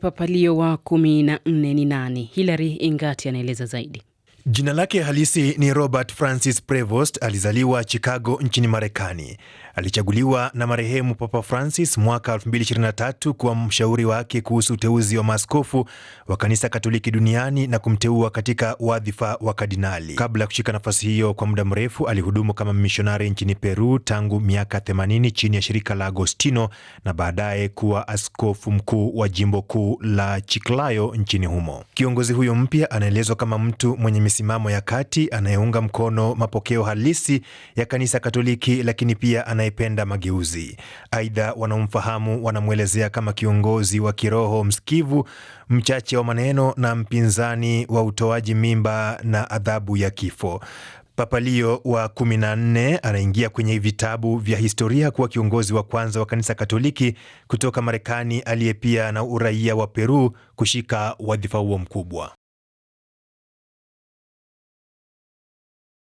Papalio wa kumi na nne ni nani? Hilary Ingati anaeleza zaidi. Jina lake halisi ni Robert Francis Prevost. Alizaliwa Chicago nchini Marekani alichaguliwa na marehemu Papa Francis mwaka 2023 kuwa mshauri wake kuhusu uteuzi wa maaskofu wa kanisa Katoliki duniani na kumteua katika wadhifa wa kardinali. Kabla ya kushika nafasi hiyo kwa muda mrefu, alihudumu kama mishonari nchini Peru tangu miaka 80 chini ya shirika la Agostino na baadaye kuwa askofu mkuu wa jimbo kuu la Chiclayo nchini humo. Kiongozi huyo mpya anaelezwa kama mtu mwenye misimamo ya kati anayeunga mkono mapokeo halisi ya kanisa Katoliki, lakini pia anaye anayependa mageuzi. Aidha, wanaomfahamu wanamwelezea kama kiongozi wa kiroho msikivu, mchache wa maneno na mpinzani wa utoaji mimba na adhabu ya kifo. Papa Leo wa 14 anaingia kwenye vitabu vya historia kuwa kiongozi wa kwanza wa kanisa Katoliki kutoka Marekani aliye pia na uraia wa Peru kushika wadhifa huo mkubwa.